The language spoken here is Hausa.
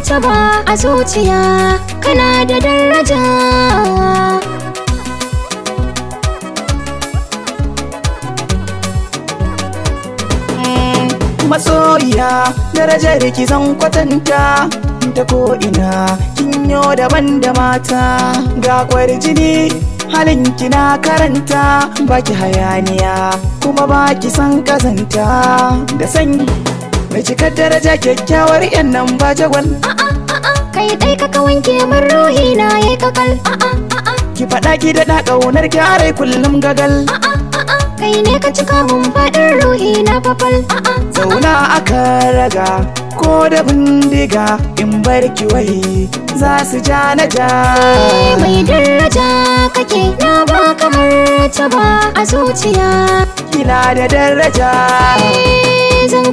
ta ba a zuciya kana da daraja mm, masoyiya darajar ki zan kwatanta ta ko'ina kinyo daban da mata ga jini halin na karanta baki hayaniya kuma baki san kazanta da sanyi mai cikar daraja kyakkyawar yan nan ba jagwal kai dai ka wanke min ruhi na yi kakal ki faɗa ki daɗa ƙaunar ki are kullum gagal kai ne ka cika mun faɗin ruhi na papal. zauna aka raga ko da bindiga in bar ki wai za su ja na eh, mai daraja kake na ba kamar ta ba a zuciya kina da daraja eh,